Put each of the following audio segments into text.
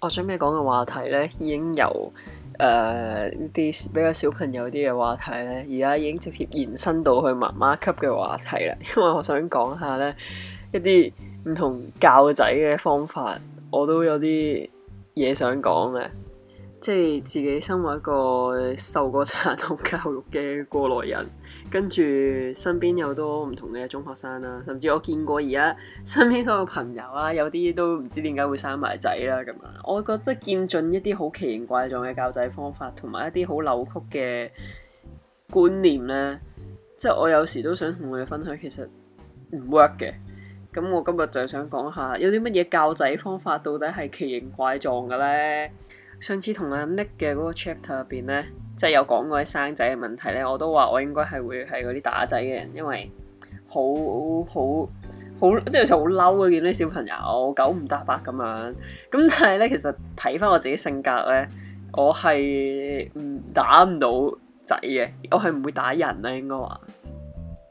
我準備講嘅話題呢，已經由誒啲、呃、比較小朋友啲嘅話題呢，而家已經直接延伸到去媽媽級嘅話題啦。因為我想講下呢，一啲唔同教仔嘅方法，我都有啲嘢想講嘅，即係自己身為一個受過殘酷教育嘅過來人。跟住身邊有好多唔同嘅中學生啦、啊，甚至我見過而家身邊所有朋友啊，有啲都唔知點解會生埋仔啦咁樣。我覺得見盡一啲好奇形怪狀嘅教仔方法，同埋一啲好扭曲嘅觀念呢。即係我有時都想同佢哋分享，其實唔 work 嘅。咁我今日就想講下，有啲乜嘢教仔方法到底係奇形怪狀嘅呢？上次同阿 Nick 嘅嗰個 chapter 入邊咧，即係有講過啲生仔嘅問題咧，我都話我應該係會係嗰啲打仔嘅人，因為好好好，即係就好嬲啊！見啲小朋友九唔搭八咁樣，咁但係咧，其實睇翻我自己性格咧，我係唔打唔到仔嘅，我係唔會打人咧，應該話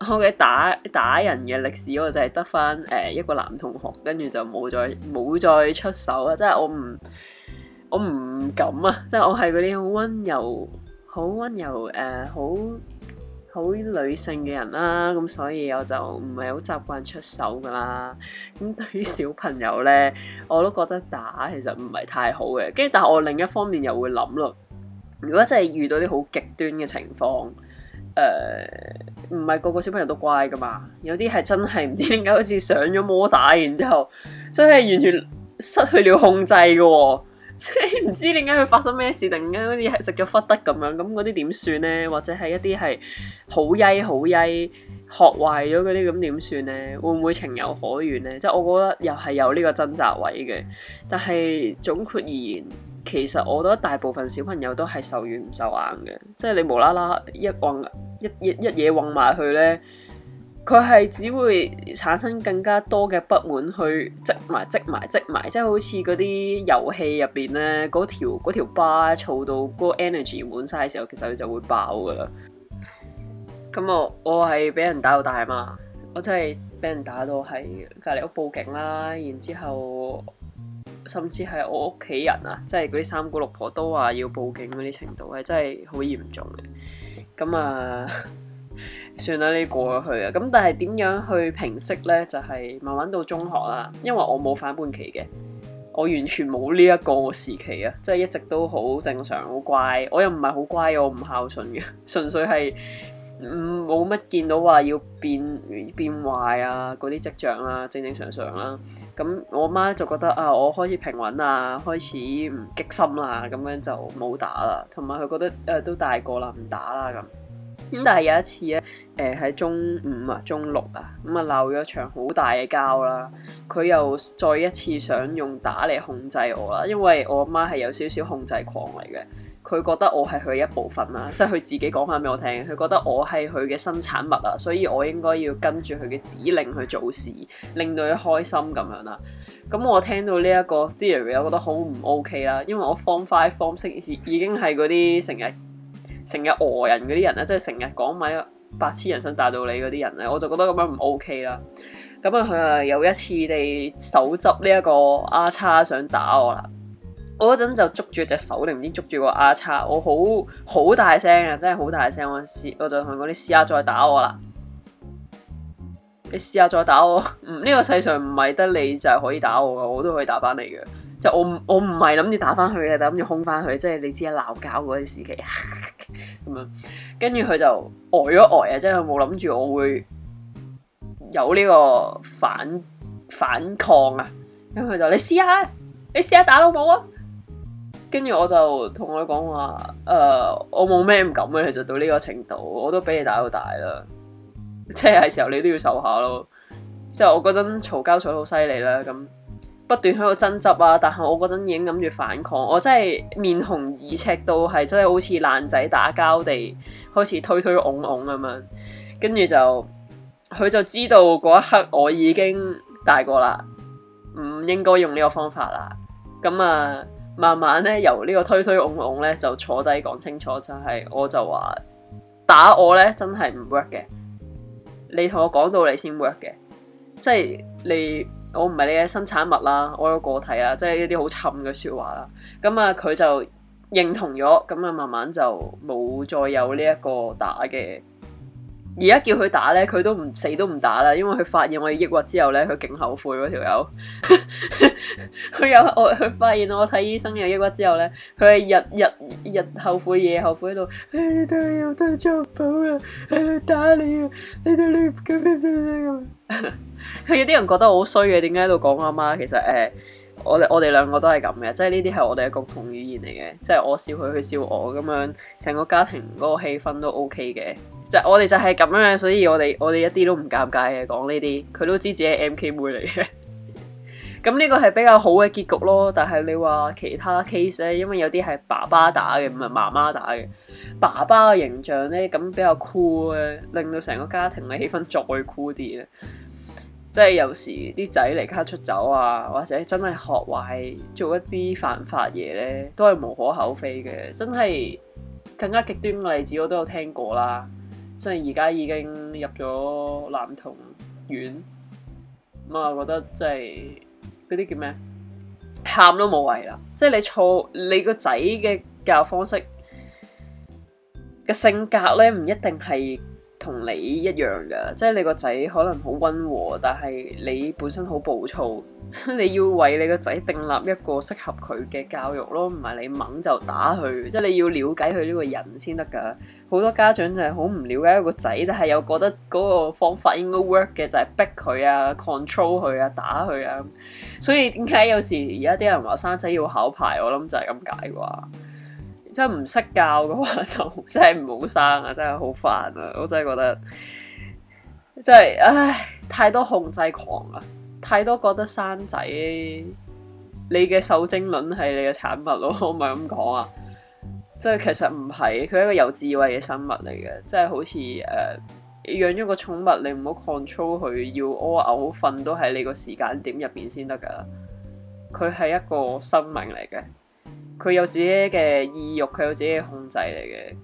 我嘅打打人嘅歷史，我就係得翻誒一個男同學，跟住就冇再冇再出手啦，即係我唔。我唔敢啊！即係我係嗰啲好溫柔、好溫柔誒，好、呃、好女性嘅人啦、啊，咁、嗯、所以我就唔係好習慣出手噶啦。咁、嗯、對於小朋友咧，我都覺得打其實唔係太好嘅。跟住，但係我另一方面又會諗咯。如果真係遇到啲好極端嘅情況，誒、呃，唔係個個小朋友都乖噶嘛？有啲係真係唔知點解，好似上咗摩打然，然之後真係完全失去了控制噶、哦。即係唔知點解佢發生咩事，突然間好似食咗忽得咁樣，咁嗰啲點算呢？或者係一啲係好曳好曳學壞咗嗰啲，咁點算呢？會唔會情有可原呢？即係我覺得又係有呢個掙扎位嘅。但係總括而言，其實我覺得大部分小朋友都係受軟唔受硬嘅，即係你無啦啦一戙一一嘢戙埋去呢。佢係只會產生更加多嘅不滿，去積埋積埋積埋，即係好似嗰啲遊戲入邊咧，嗰條嗰條 bar 嘈到嗰 energy 滿晒嘅時候，其實佢就會爆噶啦。咁我我係俾人打到大嘛，我真係俾人打到喺隔籬屋報警啦，然之後甚至係我屋企人啊，即係嗰啲三姑六婆都話要報警嗰啲程度，係真係好嚴重嘅。咁啊～算啦，你過咗去啊。咁但係點樣去平息呢？就係、是、慢慢到中學啦，因為我冇反叛期嘅，我完全冇呢一個時期啊，即係一直都好正常，好乖。我又唔係好乖，我唔孝順嘅，純粹係冇乜見到話要變變壞啊嗰啲跡象啦、啊，正正常常啦、啊。咁我媽就覺得啊，我開始平穩啊，開始唔激心啦，咁樣就冇打啦。同埋佢覺得誒、呃、都大個啦，唔打啦咁。咁、嗯、但係有一次咧，誒、呃、喺中五啊、中六啊，咁啊鬧咗場好大嘅交啦。佢又再一次想用打嚟控制我啦，因為我媽係有少少控制狂嚟嘅。佢覺得我係佢一部分啦，即係佢自己講翻俾我聽，佢覺得我係佢嘅生產物啊，所以我應該要跟住佢嘅指令去做事，令到佢開心咁樣啦。咁我聽到呢一個 theory，我覺得好唔 OK 啦，因為我 form five form six 已經係嗰啲成日。成日呃人嗰啲人咧，即係成日講埋「白痴人生大道理」嗰啲人咧，我就覺得咁樣唔 OK 啦。咁啊，佢啊有一次你手執呢一個丫叉想打我啦，我嗰陣就捉住隻手定唔知捉住個丫叉，我好好大聲啊，真係好大聲、啊。我試，我就同佢講，你試下再打我啦。你試下再打我，呢 個世上唔係得你就係、是、可以打我噶，我都可以打返你嘅。就我我唔係諗住打翻去，嘅，就諗住空翻去。即係你知啦，鬧交嗰啲時期咁樣，跟住佢就呆咗呆啊，即係佢冇諗住我會有呢個反反抗啊，咁佢就你試下，你試下打到冇啊，跟住我就同佢講話，誒、呃，我冇咩唔敢嘅，其實到呢個程度，我都畀你打到大啦，即係時候你都要受下咯，即係我嗰陣嘈交吵到好犀利啦，咁。不斷喺度爭執啊！但係我嗰陣已經諗住反抗，我真係面紅耳赤到係真係好似爛仔打交地，開始推推拱拱咁樣，跟住就佢就知道嗰一刻我已經大個啦，唔應該用呢個方法啦。咁啊，慢慢咧由呢個推推拱拱咧就坐低講清楚，就係、是、我就話打我咧真係唔 work 嘅，你同我講道理先 work 嘅，即係你。我唔係你嘅生產物啦，我有個體啦，即係呢啲好沉嘅説話啦。咁啊，佢就認同咗，咁啊，慢慢就冇再有呢一個打嘅。而家叫佢打咧，佢都唔死都唔打啦，因為佢發現我嘅抑鬱之後咧，佢勁後悔咯、啊，條友佢有我佢發現我睇醫生有抑鬱之後咧，佢係日日日後悔夜後悔喺度，哎，對呀對呀，做唔到啊，喺度打你啊，你哋你嘅咩咩咩咁，佢有啲人覺得我好衰嘅，點解喺度講阿媽？其實誒、呃，我我哋兩個都係咁嘅，即係呢啲係我哋嘅共同語言嚟嘅，即係我笑佢，佢笑我咁樣，成個家庭嗰個氣氛都 O K 嘅。我就我哋就係咁樣，所以我哋我哋一啲都唔尷尬嘅講呢啲，佢都知自己係 M K 妹嚟嘅。咁 呢個係比較好嘅結局咯。但係你話其他 case 咧，因為有啲係爸爸打嘅，唔係媽媽打嘅。爸爸嘅形象咧，咁比較酷 o 啊，令到成個家庭嘅氣氛再酷啲啊。即係有時啲仔離家出走啊，或者真係學壞做一啲犯法嘢咧，都係無可厚非嘅。真係更加極端嘅例子，我都有聽過啦。即係而家已經入咗男童院，咁我覺得即係嗰啲叫咩？喊都冇謂啦！即係你錯，你個仔嘅教育方式嘅性格咧，唔一定係同你一樣噶。即係你個仔可能好溫和，但係你本身好暴躁，你要為你個仔訂立一個適合佢嘅教育咯，唔係你猛就打佢。即係你要了解佢呢個人先得㗎。好多家長就係好唔了解一個仔，但係又覺得嗰個方法應該 work 嘅就係、是、逼佢啊、control 佢啊、打佢啊。所以點解有時而家啲人話生仔要考牌，我諗就係咁解啩。即係唔識教嘅話，就真係唔好生啊！真係好煩啊！我真係覺得真係唉，太多控制狂喇！太多覺得生仔，你嘅受精卵係你嘅產物咯，我唔係咁講啊！即係其實唔係，佢係一個有智慧嘅生物嚟嘅，即係好似誒養咗個寵物，你唔好 control 佢，要屙、嘔、呃、瞓都喺你個時間點入邊先得噶。佢係一個生命嚟嘅，佢有自己嘅意欲，佢有自己嘅控制嚟嘅。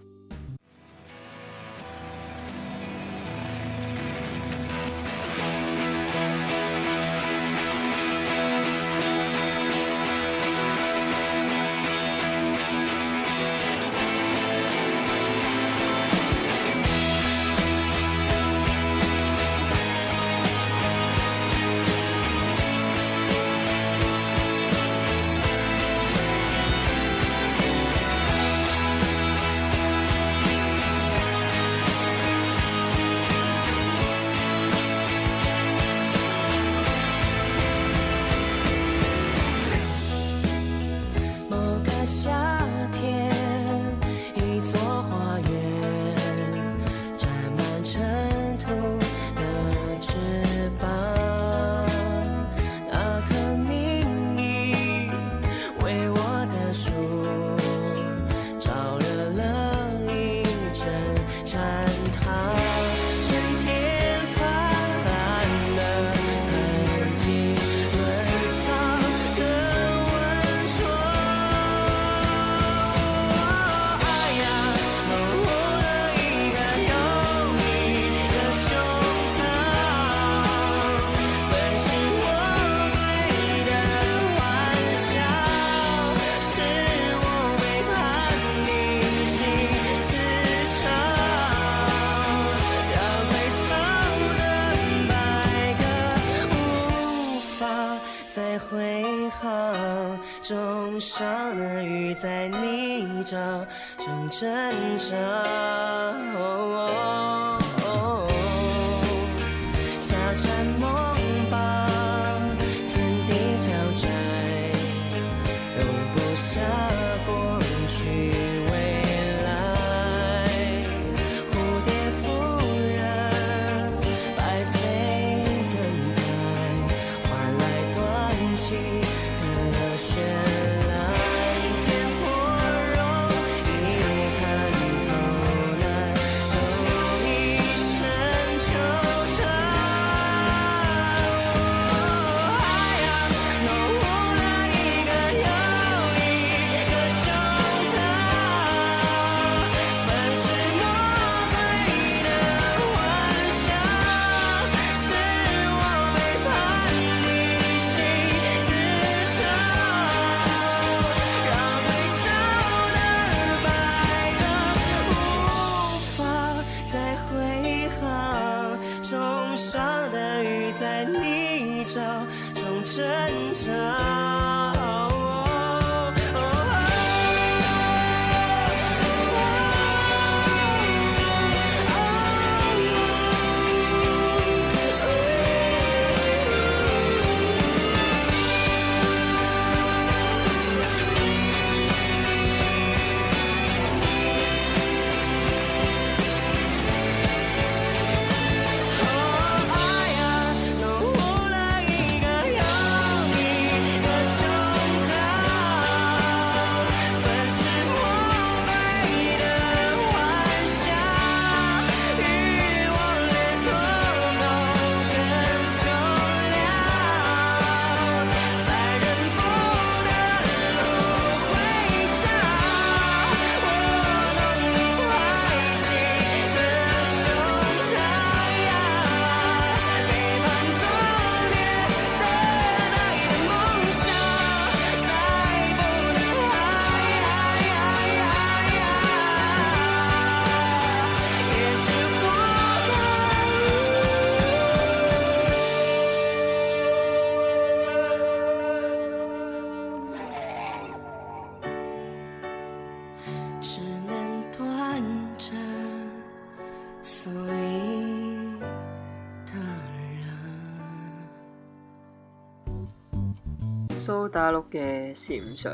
大陸嘅禪想，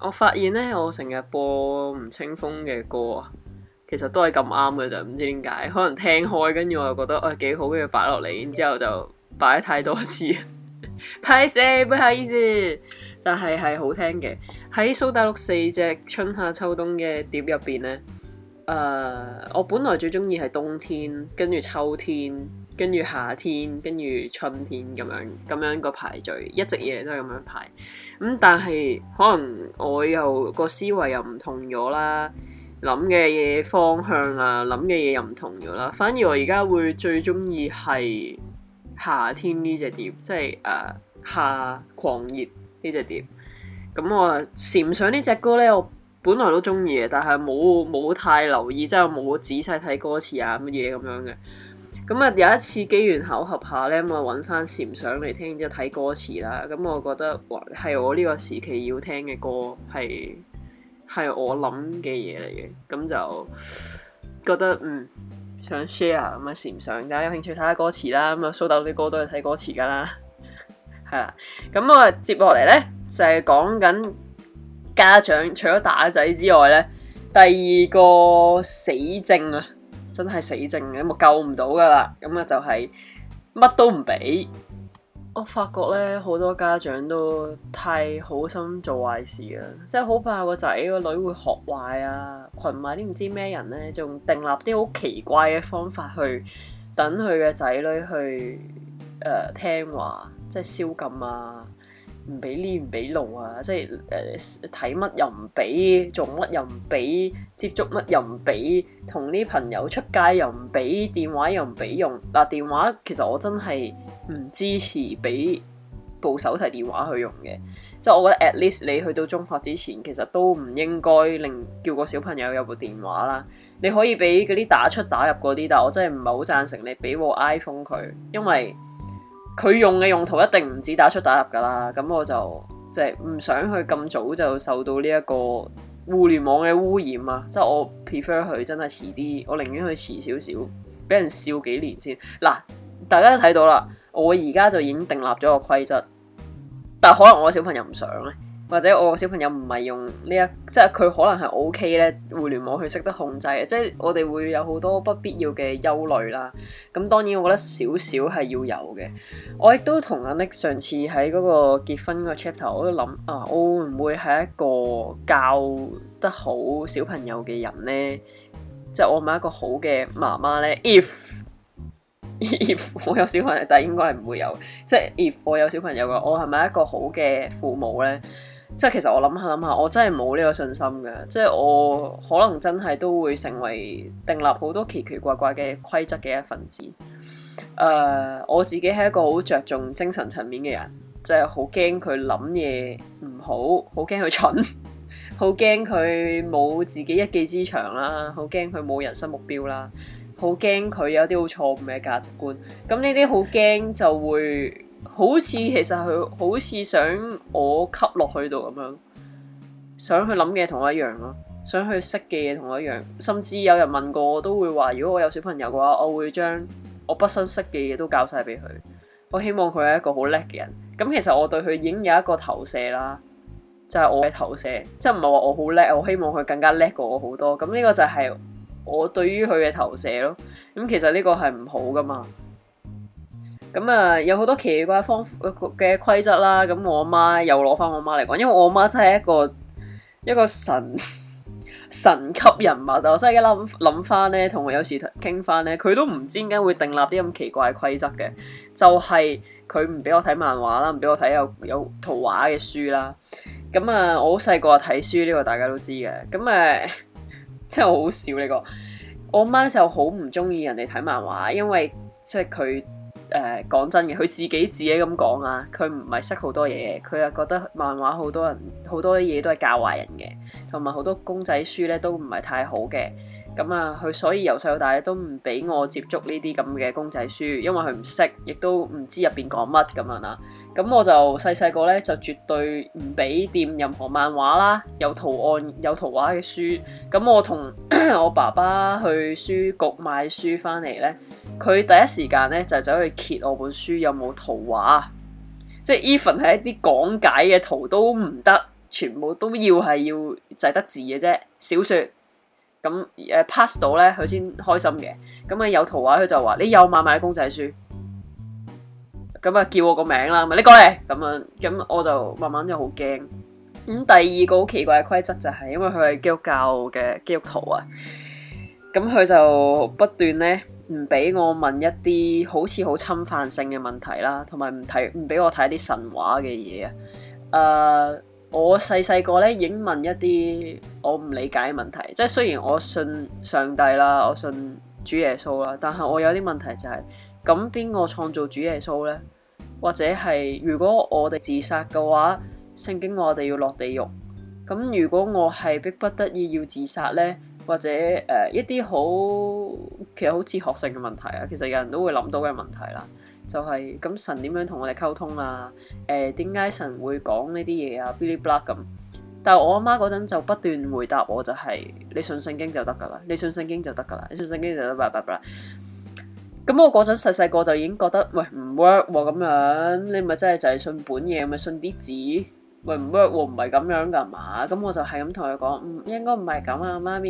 我發現呢，我成日播吳青峰嘅歌啊，其實都係咁啱嘅，就唔知點解，可能聽開，跟住我又覺得誒幾、哎、好，跟住擺落嚟，然之後就擺太多次，拍 死，不好意思，但係係好聽嘅。喺蘇大陸四隻春夏秋冬嘅碟入邊呢，誒、呃，我本來最中意係冬天，跟住秋天。跟住夏天，跟住春天咁樣，咁樣個排序，一直以嚟都係咁樣排。咁、嗯、但係可能我又個思維又唔同咗啦，諗嘅嘢方向啊，諗嘅嘢又唔同咗啦。反而我而家會最中意係夏天呢隻碟，即係誒、uh, 夏狂熱呢隻碟。咁、嗯、我啊，蟬想呢隻歌咧，我本來都中意嘅，但係冇冇太留意，即係我冇仔細睇歌詞啊乜嘢咁樣嘅。咁啊，有一次機緣巧合下咧，咁啊揾翻《禪想》嚟聽之後睇歌詞啦。咁我覺得，哇，係我呢個時期要聽嘅歌，係係我諗嘅嘢嚟嘅。咁就覺得嗯想 share 咁嘅《禪想》，大家有興趣睇下歌詞啦。咁啊，蘇豆啲歌都係睇歌詞噶啦，係 啦。咁我接落嚟咧就係、是、講緊家長除咗打仔之外咧，第二個死症啊！真係死症嘅，咁啊救唔到噶啦，咁啊就係乜都唔俾。我發覺咧，好多家長都太好心做壞事啦，即係好怕個仔個女會學壞啊，群埋啲唔知咩人咧，仲訂立啲好奇怪嘅方法去等佢嘅仔女去誒、呃、聽話，即係宵禁啊！唔俾呢，唔俾路啊！即係誒睇乜又唔俾，做乜又唔俾，接觸乜又唔俾，同啲朋友出街又唔俾，電話又唔俾用。嗱、啊，電話其實我真係唔支持俾部手提電話去用嘅。即係我覺得 at least 你去到中學之前，其實都唔應該令叫個小朋友有部電話啦。你可以俾嗰啲打出打入嗰啲，但我真係唔係好贊成你俾部 iPhone 佢，因為，佢用嘅用途一定唔止打出打入㗎啦，咁我就即係唔想去咁早就受到呢一個互聯網嘅污染啊！即係我 prefer 佢真係遲啲，我寧願佢遲少少，俾人笑幾年先。嗱，大家都睇到啦，我而家就已經訂立咗個規則，但可能我小朋友唔想咧。或者我個小朋友唔係用呢、這、一、個，即係佢可能係 O K 咧，互聯網去識得控制，即係我哋會有好多不必要嘅憂慮啦。咁當然我覺得少少係要有嘅。我亦都同阿 Nick 上次喺嗰個結婚嗰個 chapter，我都諗啊，我會唔會係一個教得好小朋友嘅人呢？」即係我咪一個好嘅媽媽呢？If if 我有小朋友，但係應該係唔會有。即係 if 我有小朋友嘅，我係咪一個好嘅父母呢？即係其實我諗下諗下，我真係冇呢個信心嘅。即係我可能真係都會成為訂立好多奇奇怪怪嘅規則嘅一份子。誒、呃，我自己係一個好着重精神層面嘅人，即係好驚佢諗嘢唔好，好驚佢蠢，好驚佢冇自己一技之長啦，好驚佢冇人生目標啦，好驚佢有啲好錯誤嘅價值觀。咁呢啲好驚就會。好似其實佢好似想我吸落去度咁樣，想去諗嘅嘢，同我一樣咯，想去識嘅嘢同我一樣。甚至有人問過我，都會話，如果我有小朋友嘅話，我會將我畢生識嘅嘢都教晒俾佢。我希望佢係一個好叻嘅人。咁其實我對佢已經有一個投射啦，就係我嘅投射，即係唔係話我好叻，我希望佢更加叻過我好多。咁呢個就係我對於佢嘅投射咯。咁其實呢個係唔好噶嘛咁啊，有好多奇怪方嘅規則啦。咁我阿媽又攞翻我阿媽嚟講，因為我阿媽真係一個一個神 神級人物啊！我真係一諗諗翻咧，同我有時傾翻咧，佢都唔知點解會訂立啲咁奇怪嘅規則嘅。就係佢唔俾我睇漫畫啦，唔俾我睇有有圖畫嘅書啦。咁啊，我好細個睇書呢、這個大家都知嘅。咁啊，真係好笑。呢個。我阿媽就好唔中意人哋睇漫畫，因為即係佢。誒講、呃、真嘅，佢自己自己咁講啊，佢唔係識好多嘢，佢又覺得漫畫好多人好多嘢都係教壞人嘅，同埋好多公仔書咧都唔係太好嘅。咁啊，佢所以由細到大都唔俾我接觸呢啲咁嘅公仔書，因為佢唔識，亦都唔知入邊講乜咁啊嗱。咁我就細細個咧就絕對唔俾掂任何漫畫啦，有圖案有圖畫嘅書。咁我同 我爸爸去書局買書翻嚟咧。佢第一時間咧就走、是、去揭，揭我本書有冇圖畫，即係 even 係一啲講解嘅圖都唔得，全部都要係要就係、是、得字嘅啫小說。咁誒 pass 到咧，佢、呃、先開心嘅。咁啊有圖畫，佢就話你有買埋公仔書。咁啊叫我個名啦，咪你過嚟咁啊，咁我就慢慢就好驚。咁第二個好奇怪嘅規則就係、是，因為佢係基督教嘅基督徒啊，咁佢就不斷咧。唔俾我問一啲好似好侵犯性嘅問題啦，同埋唔睇唔俾我睇一啲神話嘅嘢啊！誒，uh，我細細個呢，已經問一啲我唔理解嘅問題，即係雖然我信上帝啦，我信主耶穌啦，但係我有啲問題就係，咁邊個創造主耶穌呢？或者係如果我哋自殺嘅話，聖經我哋要落地獄。咁如果我係逼不得已要自殺呢？或者誒、呃、一啲好其實好哲學性嘅問題啊，其實有人都會諗到嘅問題啦，就係、是、咁神點樣同我哋溝通啊？誒，點解神會講呢啲嘢啊？Billy Black 咁，但係我阿媽嗰陣就不斷回答我，就係你信聖經就得噶啦，你信聖經就得噶啦，你信聖經就得，巴拉巴拉。咁我嗰陣細細個就已經覺得，喂唔 work 喎咁樣，你咪真係就係信本嘢，咪信啲字。喂，唔 work 唔係咁樣噶嘛，咁我就係咁同佢講，唔、um，應該唔係咁啊，媽咪，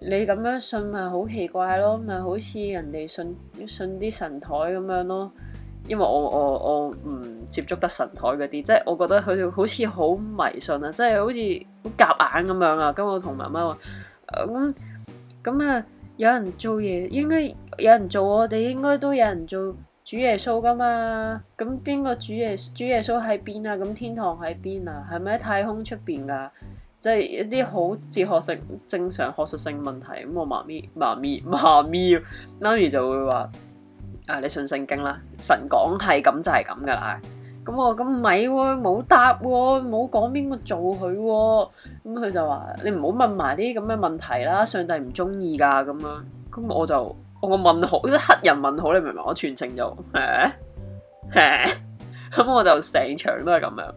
你咁樣信咪好奇怪咯，咪好似人哋信信啲神台咁樣咯，因為我我我唔接觸得神台嗰啲，即係我覺得佢好似好迷信啊，即係好似夾硬咁樣啊，咁我同媽媽話，咁咁啊有人做嘢應該有人做我，應該有人做，我哋應該都有人做。主耶穌噶嘛？咁邊個主耶主耶穌喺邊啊？咁天堂喺邊啊？係咪喺太空出邊噶？即係一啲好哲學性、正常學術性問題。咁我媽咪、媽咪、媽咪、媽咪、媽咪就會話：啊，你信聖經啦，神講係咁就係咁噶啦。咁我咁咪，冇答喎、啊，冇講邊個做佢喎、啊。咁佢就話：你唔好問埋啲咁嘅問題啦，上帝唔中意噶咁樣。咁我就。我個問號，即黑人問號，你明唔明？我全程就，咁、啊啊、 我就成場都係咁樣。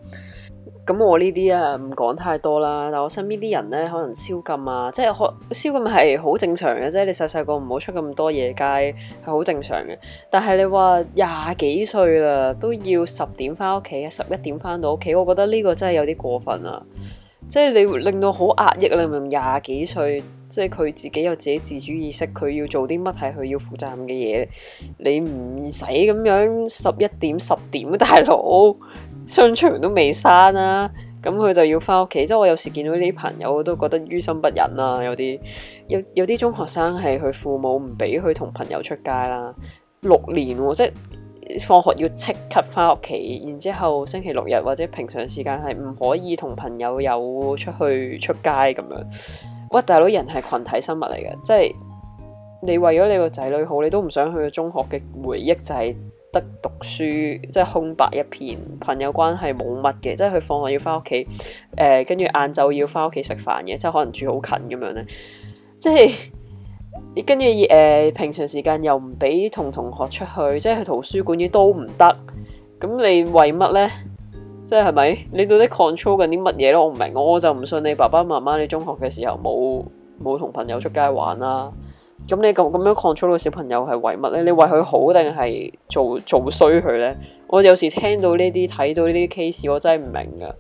咁我呢啲啊，唔講太多啦。但我身邊啲人呢，可能宵禁啊，即係可宵禁係好正常嘅即啫。你細細個唔好出咁多夜街係好正常嘅。但係你話廿幾歲啦，都要十點翻屋企，十一點翻到屋企，我覺得呢個真係有啲過分啦。即係你令到好壓抑，你明唔明？廿幾歲？即係佢自己有自己自主意識，佢要做啲乜係佢要負責任嘅嘢，你唔使咁樣十一點十點，大佬，商場都未閂啦，咁佢就要返屋企。即係我有時見到呢啲朋友，我都覺得於心不忍啦、啊。有啲有有啲中學生係佢父母唔俾佢同朋友出街啦，六年、啊、即係放學要即刻返屋企，然之後星期六日或者平常時間係唔可以同朋友有出去出街咁樣。喂，大佬，人係群體生物嚟嘅，即係你為咗你個仔女好，你都唔想佢中學嘅回憶就係得讀書，即係空白一片，朋友關係冇乜嘅，即係佢放學要翻屋企，跟住晏晝要翻屋企食飯嘅，即係可能住好近咁樣咧，即係，跟住誒、呃，平常時間又唔俾同同學出去，即係去圖書館都唔得，咁你為乜呢？即係咪？你到底 control 緊啲乜嘢咯？我唔明，我就唔信你爸爸媽媽。你中學嘅時候冇冇同朋友出街玩啦、啊？咁你咁咁樣 control 到小朋友係為乜咧？你為佢好定係做做衰佢呢？我有時聽到呢啲，睇到呢啲 case，我真係唔明㗎！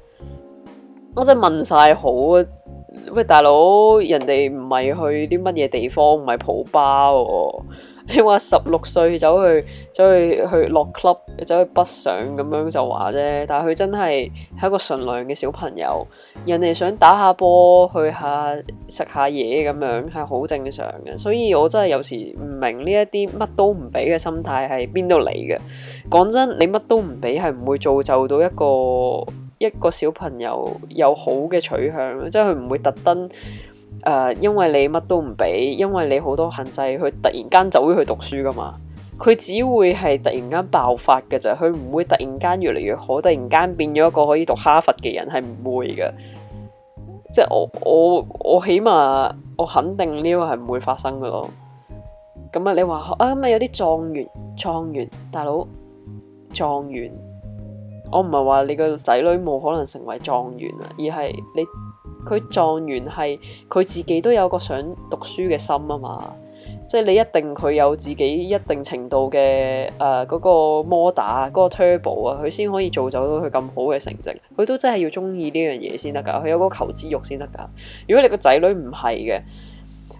我真係問晒好喂，大佬，人哋唔係去啲乜嘢地方，唔係蒲吧喎。你話十六歲走去走去去落 club，走去北上咁樣就話啫。但係佢真係係一個純良嘅小朋友，人哋想打下波，去下食下嘢咁樣係好正常嘅。所以我真係有時唔明呢一啲乜都唔俾嘅心態係邊度嚟嘅。講真，你乜都唔俾係唔會造就到一個一個小朋友有好嘅取向咯，即係佢唔會特登。Uh, 因為你乜都唔俾，因為你好多限制，佢突然間就會去讀書噶嘛，佢只會係突然間爆發嘅咋。佢唔會突然間越嚟越好，突然間變咗一個可以讀哈佛嘅人，係唔會噶，即係我我我起碼我肯定呢個係唔會發生噶咯。咁、嗯、啊，你話啊咁啊有啲狀元狀元大佬狀元，我唔係話你個仔女冇可能成為狀元啊，而係你。佢狀元係佢自己都有個想讀書嘅心啊嘛，即係你一定佢有自己一定程度嘅誒嗰個魔打嗰個 turbo 啊，佢先可以造就到佢咁好嘅成績。佢都真係要中意呢樣嘢先得噶，佢有個求知欲先得噶。如果你個仔女唔係嘅，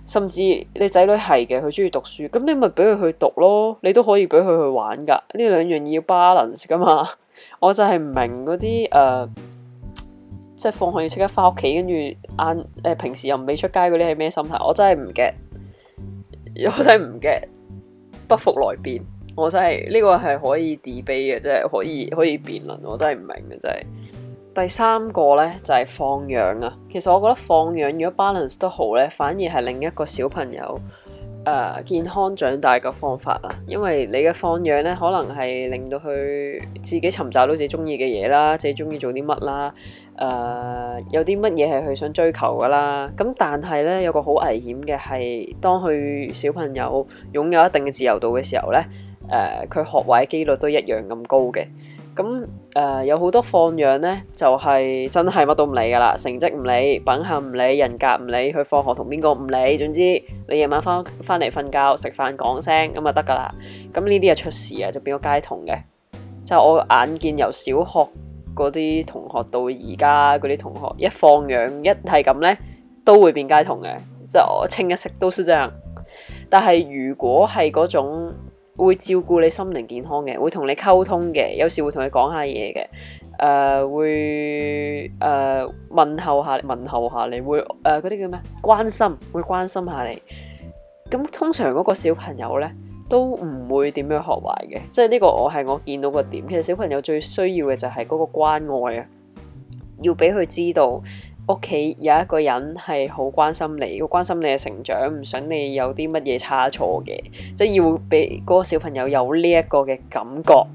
甚至你仔女係嘅，佢中意讀書，咁你咪俾佢去讀咯，你都可以俾佢去玩噶。呢兩樣要 balance 噶嘛， 我就係唔明嗰啲誒。呃即係放學要即刻翻屋企，跟住晏誒平時又唔俾出街嗰啲係咩心態？我真係唔 get，我真係唔 get，不服來辯。我真係呢、這個係可以 debate 嘅，即係可以可以辯論。我真係唔明嘅，真係。第三個呢，就係、是、放養啊。其實我覺得放養如果 balance 得好呢，反而係另一個小朋友誒、呃、健康長大嘅方法啊。因為你嘅放養呢，可能係令到佢自己尋找到自己中意嘅嘢啦，自己中意做啲乜啦。誒、uh, 有啲乜嘢係佢想追求噶啦，咁但係咧有個好危險嘅係，當佢小朋友擁有一定嘅自由度嘅時候咧，誒、uh, 佢學壞嘅機率都一樣咁高嘅。咁誒、uh, 有好多放養咧，就係、是、真係乜都唔理噶啦，成績唔理，品行唔理，人格唔理，佢放學同邊個唔理，總之你夜晚翻翻嚟瞓覺食飯講聲咁就得噶啦。咁呢啲啊出事啊就變咗街童嘅，就我眼見由小學。嗰啲同學到而家嗰啲同學一放養一係咁呢都會變街童嘅。即係我清一色都係咁樣。但係如果係嗰種會照顧你心靈健康嘅，會同你溝通嘅，有時會同你講下嘢嘅。誒、呃、會誒、呃、問候下問候下你，會誒嗰啲叫咩？關心，會關心下你。咁通常嗰個小朋友呢，都唔會點樣學壞嘅，即係呢個我係我見到個點。其實小朋友最需要嘅就係嗰個關愛啊，要俾佢知道屋企有一個人係好關心你，要關心你嘅成長，唔想你有啲乜嘢差錯嘅，即係要俾嗰個小朋友有呢一個嘅感覺，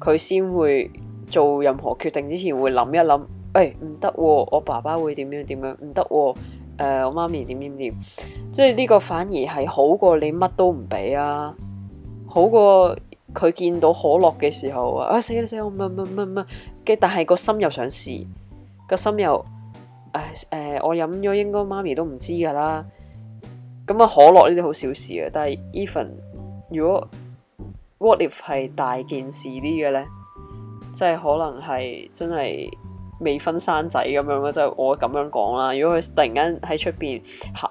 佢先會做任何決定之前會諗一諗，誒唔得，我爸爸會點樣點樣，唔得啊。誒，uh, 我媽咪點點點，即係呢個反而係好過你乜都唔俾啊，好過佢見到可樂嘅時候啊，啊死死我乜乜乜乜，跟但係個心又想試，個心又誒誒，uh, uh, 我飲咗應該媽咪都唔知噶啦，咁啊可樂呢啲好小事啊，但係 even 如果 what if 係大件事啲嘅咧，即係可能係真係。未婚生仔咁樣咯，就係、我咁樣講啦。如果佢突然間喺出邊，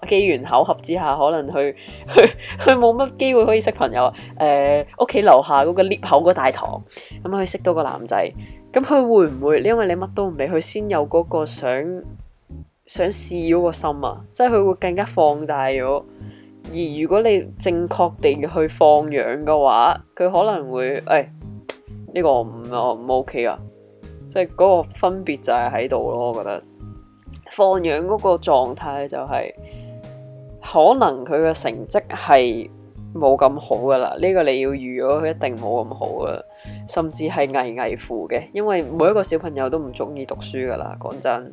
機緣巧合之下，可能佢去去冇乜機會可以識朋友。誒、呃，屋企樓下嗰個裂口個大堂，咁佢以識到個男仔。咁佢會唔會？因為你乜都唔俾，佢先有嗰個想想試嗰個心啊。即係佢會更加放大咗。而如果你正確地去放養嘅話，佢可能會誒呢、哎呢個唔啊唔 OK 啊。即係嗰個分別就係喺度咯，我覺得放養嗰個狀態就係、是、可能佢嘅成績係冇咁好噶啦，呢、這個你要預咗佢一定冇咁好啦，甚至係危危乎嘅，因為每一個小朋友都唔中意讀書噶啦，講真，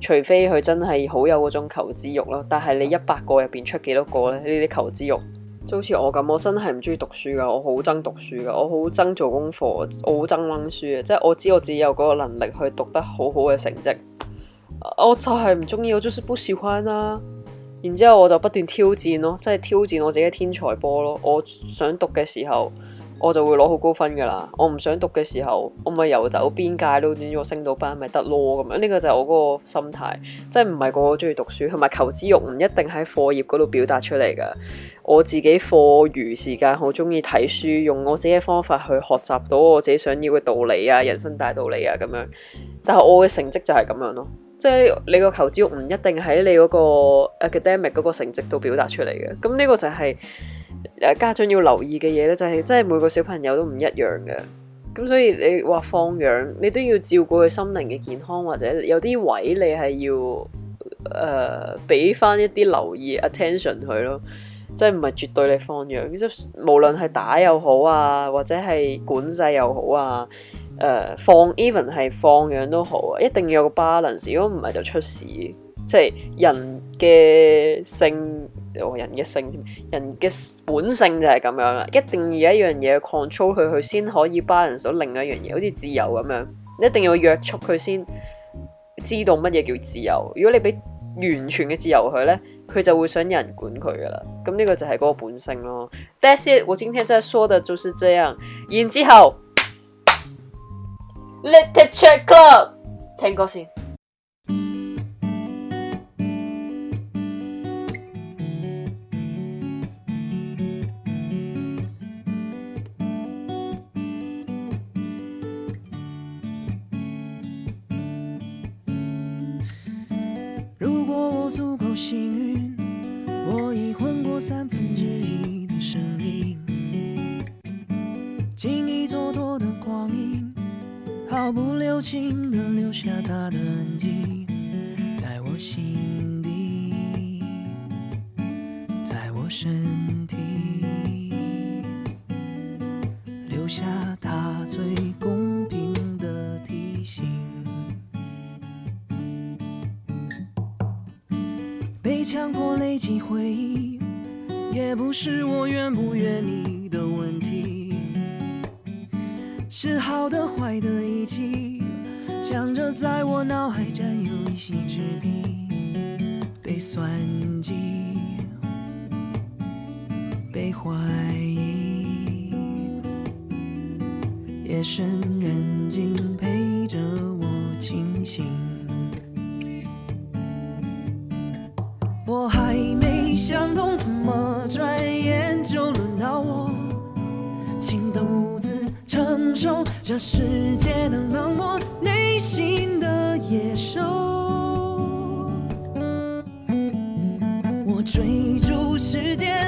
除非佢真係好有嗰種求知欲咯，但係你一百個入邊出幾多個呢？呢啲求知欲。就好似我咁，我真係唔中意讀書噶，我好憎讀書噶，我好憎做功課，我好憎溫書啊！即係我知我自己有嗰個能力去讀得好好嘅成績，我就係唔中意。我就係不喜歡啦、啊。然之後我就不斷挑戰咯，即係挑戰我自己嘅天才波咯。我想讀嘅時候。我就會攞好高分噶啦，我唔想讀嘅時候，我咪遊走邊界咯，點樣升到班咪得咯咁樣。呢個就係我嗰個心態，即係唔係個個中意讀書，同埋求知欲唔一定喺課業嗰度表達出嚟噶，我自己課餘時間好中意睇書，用我自己方法去學習到我自己想要嘅道理啊，人生大道理啊咁樣，但係我嘅成績就係咁樣咯，即係你個求知欲唔一定喺你嗰個 academic 嗰個成績度表達出嚟嘅，咁呢個就係。誒，家長要留意嘅嘢咧，就係真係每個小朋友都唔一樣嘅，咁所以你話放養，你都要照顧佢心靈嘅健康，或者有啲位你係要誒俾翻一啲留意 attention 佢咯，即係唔係絕對你放養，即係無論係打又好啊，或者係管制又好啊，誒放 even 係放養都好啊，一定要有個 balance，如果唔係就出事，即係人嘅性。哦、人嘅性，人嘅本性就係咁樣啦，一定要一樣嘢 control 佢，佢先可以巴人想另一樣嘢，好似自由咁樣，一定要約束佢先知道乜嘢叫自由。如果你俾完全嘅自由佢呢，佢就會想有人管佢噶啦。咁呢個就係嗰個本性咯。That's it，我今天在說的就是這樣，然之後 Let it check up 聽歌先。被懷疑，夜深人靜陪着我清醒。我還沒想通，怎麼轉眼就輪到我，請獨自承受這世界的冷漠，內心的野獸。我追逐時間。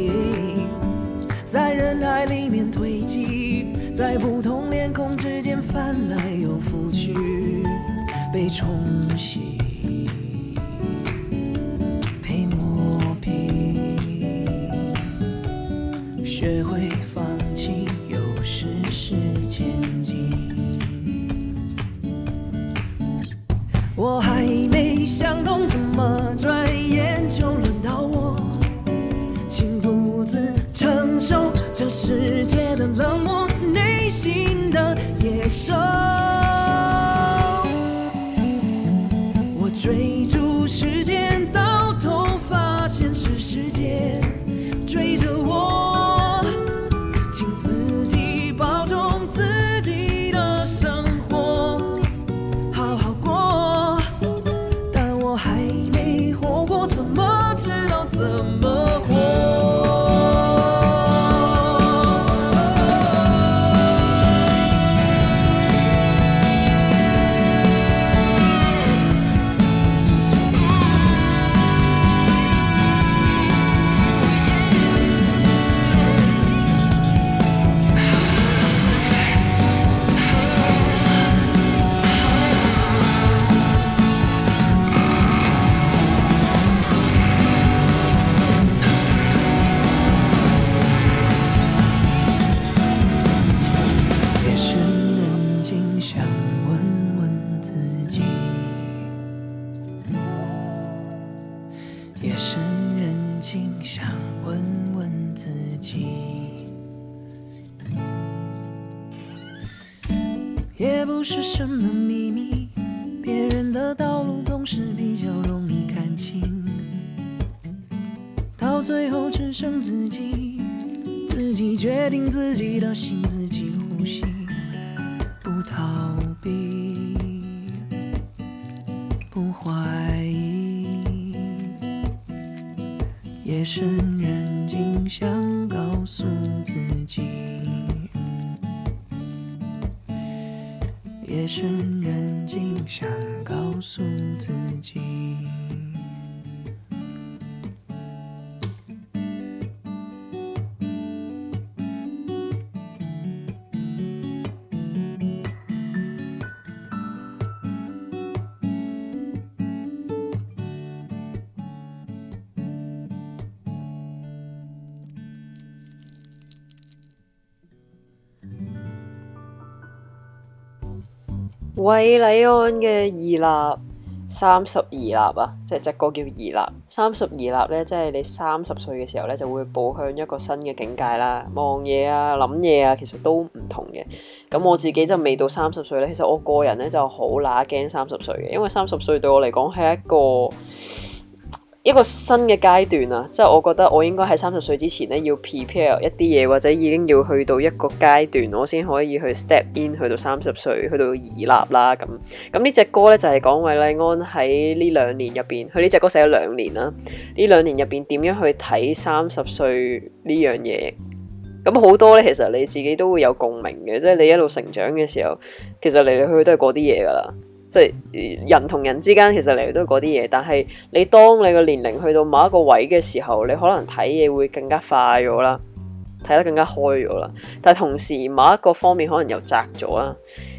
在人海裏面堆積，在不同臉孔之間翻來又覆去，被沖洗。冷漠，內心的野獸。韋禮安嘅而立，三十而立啊，即係隻歌叫而立。三十而立呢，即係你三十歲嘅時候呢，就會步向一個新嘅境界啦。望嘢啊，諗嘢啊，其實都唔同嘅。咁我自己就未到三十歲呢，其實我個人呢就好乸驚三十歲嘅，因為三十歲對我嚟講係一個。一個新嘅階段啊，即係我覺得我應該喺三十歲之前咧要 prepare 一啲嘢，或者已經要去到一個階段，我先可以去 step in 去到三十歲，去到而立啦咁。咁呢隻、就是、歌咧就係講韋禮安喺呢兩年入邊，佢呢隻歌寫咗兩年啦。呢兩年入邊點樣去睇三十歲呢樣嘢？咁好多咧，其實你自己都會有共鳴嘅，即係你一路成長嘅時候，其實嚟嚟去去都係嗰啲嘢噶啦。即係人同人之間，其實嚟嚟都係嗰啲嘢。但係你當你個年齡去到某一個位嘅時候，你可能睇嘢會更加快咗啦，睇得更加開咗啦。但係同時某一個方面可能又窄咗啦。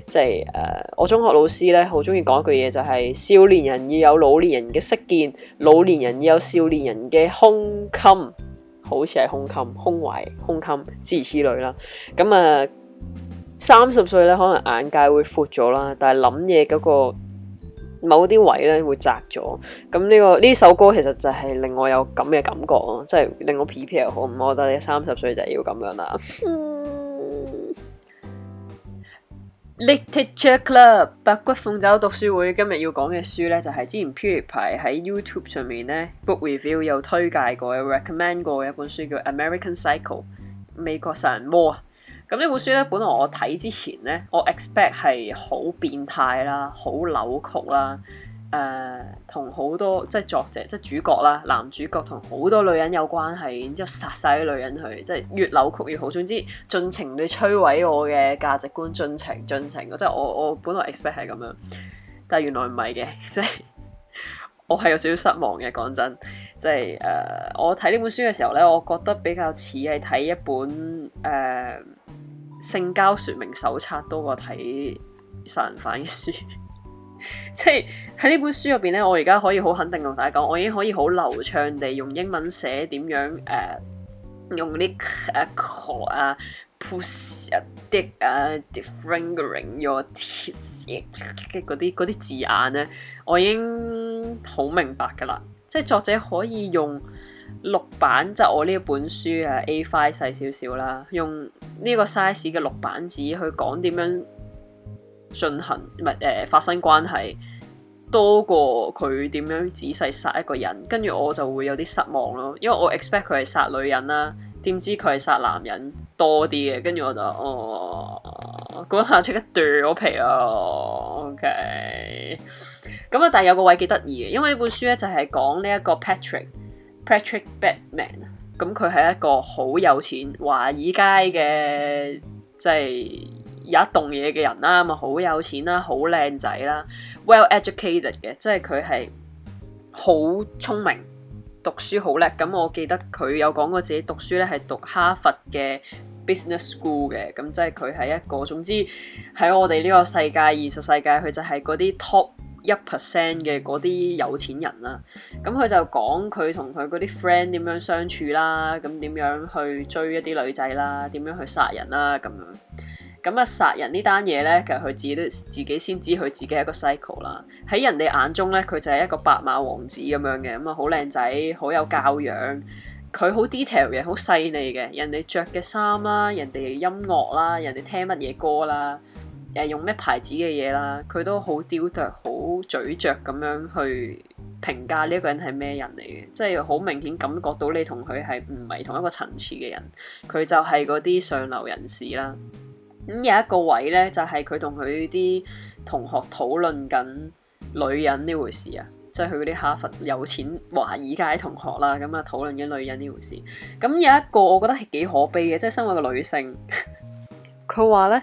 即係誒，uh, 我中學老師咧好中意講一句嘢，就係、是、少年人要有老年人嘅識見，老年人要有少年人嘅胸襟，好似係胸襟、胸懷、胸襟之如此類啦。咁啊。Uh, 三十歲咧，可能眼界會闊咗啦，但係諗嘢嗰個某啲位咧會窄咗。咁呢、這個呢首歌其實就係令我有咁嘅感覺咯，即、就、係、是、令我 P P 又好，我覺得你三十歲就要咁樣啦。 Literature Club 白骨鳳爪讀書會今日要講嘅書呢，就係、是、之前 PewDiePie 喺 YouTube 上面呢 book review 有推介過、recommend 過嘅一本書叫《American Psycho》美國殺人魔。咁呢本書咧，本來我睇之前咧，我 expect 係好變態啦，好扭曲啦，誒、呃，同好多即係作者即係主角啦，男主角同好多女人有關係，然之後殺晒啲女人去，即係越扭曲越好，總之盡情去摧毀我嘅價值觀，盡情盡情，即係我我本來 expect 係咁樣，但係原來唔係嘅，即係我係有少少失望嘅，講真，即係誒、呃，我睇呢本書嘅時候咧，我覺得比較似係睇一本誒。呃性交説明手冊多過睇殺人犯嘅書、 就是，即係喺呢本書入邊咧，我而家可以好肯定同大家講，我已經可以好流暢地用英文寫點樣誒，uh, 用啲、uh, 呃 uh, uh, 啊 call 啊 push 啊 dig 啊 differenting your teeth 嘅嗰啲嗰啲字眼咧，我已經好明白噶啦，即、就、係、是、作者可以用。六版就是、我呢一本書啊，A5 細少少啦，用呢個 size 嘅六版紙去講點樣進行，唔係誒發生關係多過佢點樣仔細殺一個人，跟住我就會有啲失望咯，因為我 expect 佢係殺女人啦，點知佢係殺男人多啲嘅，跟住我就哦，嗰一刻出一段我皮啊，哦，OK，咁啊，但係有個位幾得意嘅，因為呢本書咧就係講呢一個 Patrick。Patrick Batman，咁佢係一個好有錢，華爾街嘅即係有一棟嘢嘅人啦，咁啊好有錢啦，好靚仔啦 ，well educated 嘅，即係佢係好聰明，讀書好叻。咁我記得佢有講過自己讀書咧係讀哈佛嘅 Business School 嘅，咁即係佢係一個，總之喺我哋呢個世界，現實 世界佢就係嗰啲 top。一 percent 嘅嗰啲有錢人啦，咁佢就講佢同佢嗰啲 friend 點樣相處啦，咁點樣去追一啲女仔啦，點樣去殺人啦咁樣。咁啊殺人呢單嘢咧，其實佢自己都自己先知佢自己係一個 cycle 啦。喺人哋眼中咧，佢就係一個白馬王子咁樣嘅，咁啊好靚仔，好有教養，佢好 detail 嘅，好細膩嘅，人哋着嘅衫啦，人哋音樂啦，人哋聽乜嘢歌啦。誒，用咩牌子嘅嘢啦？佢都好雕琢、好咀嚼咁樣去評價呢一個人係咩人嚟嘅，即係好明顯感覺到你同佢係唔係同一個層次嘅人。佢就係嗰啲上流人士啦。咁、嗯、有一個位呢，就係佢同佢啲同學討論緊女人呢回事啊，即係佢啲哈佛有錢華爾街同學啦，咁啊討論緊女人呢回事。咁、嗯、有一個我覺得係幾可悲嘅，即係身為個女性，佢 話呢。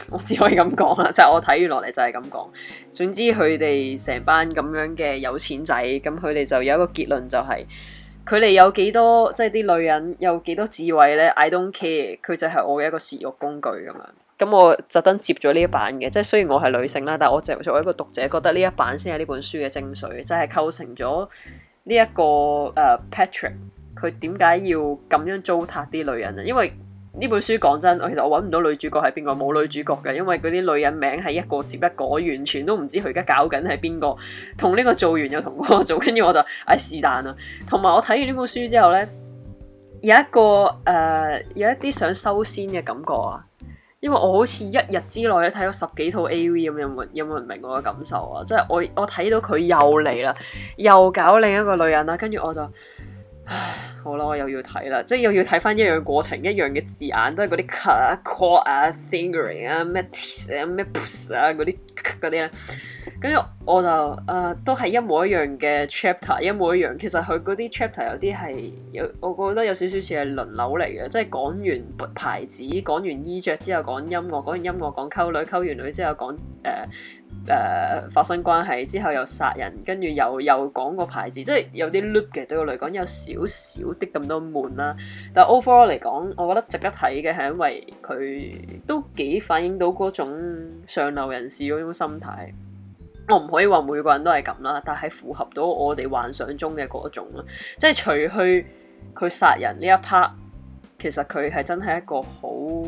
我只可以咁講啦，就係、是、我睇完落嚟就係咁講。總之佢哋成班咁樣嘅有錢仔，咁佢哋就有一個結論就係、是，佢哋有幾多即係啲女人有幾多智慧呢 I don't care，佢就係我嘅一個泄欲工具咁樣。咁、嗯、我特登接咗呢一版嘅，即係雖然我係女性啦，但係我就作為一個讀者，覺得呢一版先係呢本書嘅精髓，就係構成咗呢一個誒、uh, Patrick，佢點解要咁樣糟蹋啲女人啊？因為呢本書講真，我其實我揾唔到女主角係邊個，冇女主角嘅，因為嗰啲女人名係一個接一個，我完全都唔知佢而家搞緊係邊個，同呢個做完又同嗰個做，跟住我就唉是但啦。同、哎、埋我睇完呢本書之後呢，有一個誒、呃、有一啲想修仙嘅感覺啊，因為我好似一日之內咧睇咗十幾套 AV 咁，有冇有冇唔明我嘅感受啊？即係我我睇到佢又嚟啦，又搞另一個女人啦，跟住我就。小好啦，我又要睇啦，即係又要睇翻一樣過程，一樣嘅字眼，都係嗰啲 cut 啊、c a r e 啊、fingering 啊、matte 啊、咩 push 啊嗰啲嗰啲咧，跟住我就誒、啊、都係一模一樣嘅 chapter，一模一樣。其實佢嗰啲 chapter 有啲係有，我覺得有少少似係輪流嚟嘅，即係講完牌子，講完衣着之後講音樂，講完音樂講溝女，溝完女之後講誒。誒，uh, 發生關係之後又殺人，跟住又又講個牌子，即係有啲 loop 嘅。對我嚟講，有少少的咁多悶啦、啊。但係 Overall 嚟講，我覺得值得睇嘅係因為佢都幾反映到嗰種上流人士嗰種心態。我唔可以話每個人都係咁啦，但係符合到我哋幻想中嘅嗰種啦。即係除去佢殺人呢一 part，其實佢係真係一個好。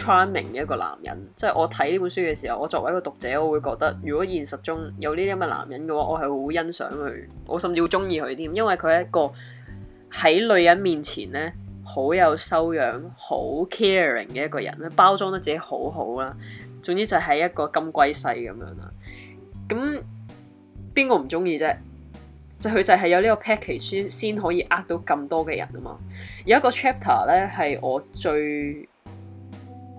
charming 嘅一個男人，即係我睇呢本書嘅時候，我作為一個讀者，我會覺得如果現實中有呢啲咁嘅男人嘅話，我係好欣賞佢，我甚至會中意佢啲，因為佢係一個喺女人面前咧好有修養、好 caring 嘅一個人啦，包裝得自己好好啦。總之就係一個金龜婿咁樣啦。咁邊個唔中意啫？就佢就係有呢個 package 先可以呃到咁多嘅人啊嘛。有一個 chapter 咧係我最。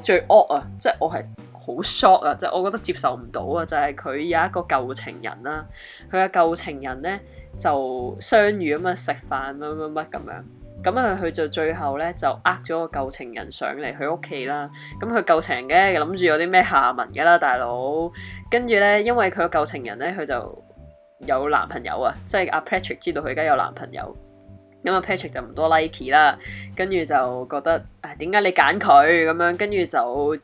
最惡啊！即係我係好 shock 啊！即係我覺得接受唔到啊！就係佢有一個舊情人啦，佢嘅舊情人咧就相遇咁啊食飯乜乜乜咁樣，咁啊佢就最後咧就呃咗個舊情人上嚟佢屋企啦。咁佢舊情人嘅諗住有啲咩下文嘅啦，大佬。跟住咧，因為佢個舊情人咧，佢就有男朋友啊，即係阿 Patrick 知道佢而家有男朋友。咁啊，Patrick 就唔多 like 啦，跟住就覺得，啊點解你揀佢咁樣？跟住就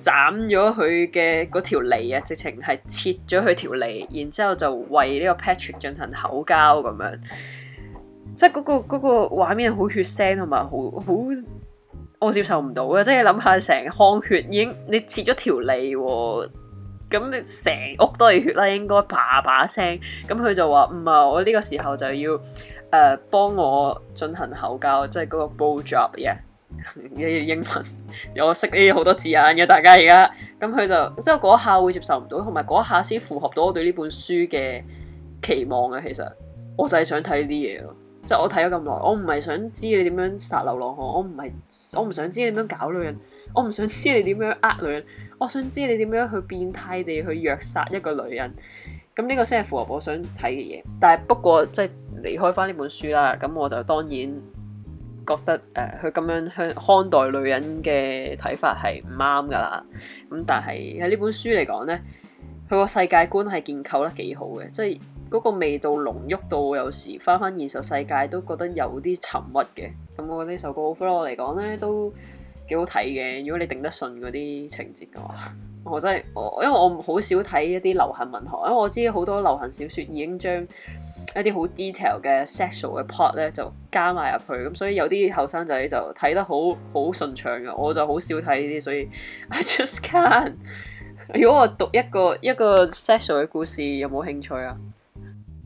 斬咗佢嘅嗰條脷啊，直情係切咗佢條脷，然之後就為呢個 Patrick 進行口交咁樣，即係嗰個嗰個畫面好血腥同埋好好，我接受唔到嘅。即係諗下成缸血已經，你切咗條脷，咁你成屋都係血啦，應該把把聲。咁佢就話唔係，我呢個時候就要。誒、uh, 幫我進行口交，即係嗰個 blow job 嘅、yeah. 英文。 我識呢好多字眼嘅，大家而家，咁佢就即係嗰下會接受唔到，同埋嗰下先符合到我對呢本書嘅期望啊。其實我就係想睇呢啲嘢咯，即、就、係、是、我睇咗咁耐，我唔係想知你點樣殺流浪漢，我唔係我唔想知你點樣搞女人，我唔想知你點樣呃女人，我想知你點樣去變態地去虐殺一個女人。咁呢個先係符合我想睇嘅嘢，但係不過即係。就是離開翻呢本書啦，咁我就當然覺得誒佢咁樣向看待女人嘅睇法係唔啱噶啦。咁但係喺呢本書嚟講呢，佢個世界觀係建構得幾好嘅，即係嗰個味道濃郁到有時翻翻現實世界都覺得有啲沉鬱嘅。咁我呢首歌好 o 我嚟講呢都幾好睇嘅，如果你頂得順嗰啲情節嘅話，我真係我因為我好少睇一啲流行文學，因為我知好多流行小説已經將。一啲好 detail 嘅 sexual 嘅 part 咧，就加埋入去，咁所以有啲後生仔就睇得好好順暢嘅，我就好少睇呢啲，所以 I just can't 如果我讀一個一個 sexual 嘅故事，有冇興趣啊？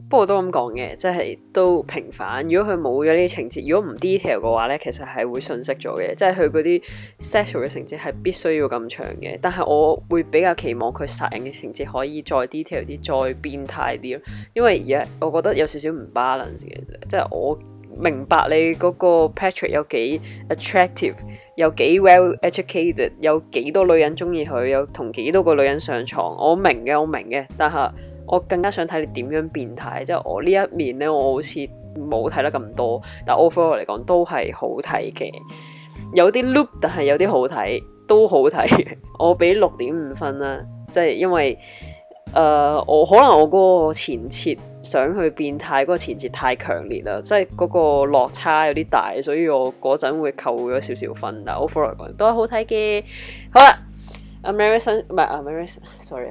不過都咁講嘅，即係、就是、都平凡。如果佢冇咗呢啲情節，如果唔 detail 嘅話呢，其實係會訊息咗嘅。即係佢嗰啲 sexual 嘅情節係必須要咁長嘅。但係我會比較期望佢殺人嘅情節可以再 detail 啲、再變態啲咯。因為而家我覺得有少少唔 balance 嘅，即、就、係、是、我明白你嗰個 Patrick 有幾 attractive，有幾 well educated，有幾多，有有多女人中意佢，有，有同幾多個女人上床。我明嘅，我明嘅，但係。我更加想睇你點樣變態，即、就、係、是、我一呢一面咧，我好似冇睇得咁多，但係 overall 嚟講都係好睇嘅，有啲 loop，但係有啲好睇，都好睇、 啊就是呃。我俾六點五分啦，即係因為誒，我可能我嗰個前設想去變態嗰、那個前設太強烈啦，即係嗰個落差有啲大，所以我嗰陣會扣咗少少分。但係 overall 嚟講都係好睇嘅。好啦，American 唔係 a m e r i c a n s o r r y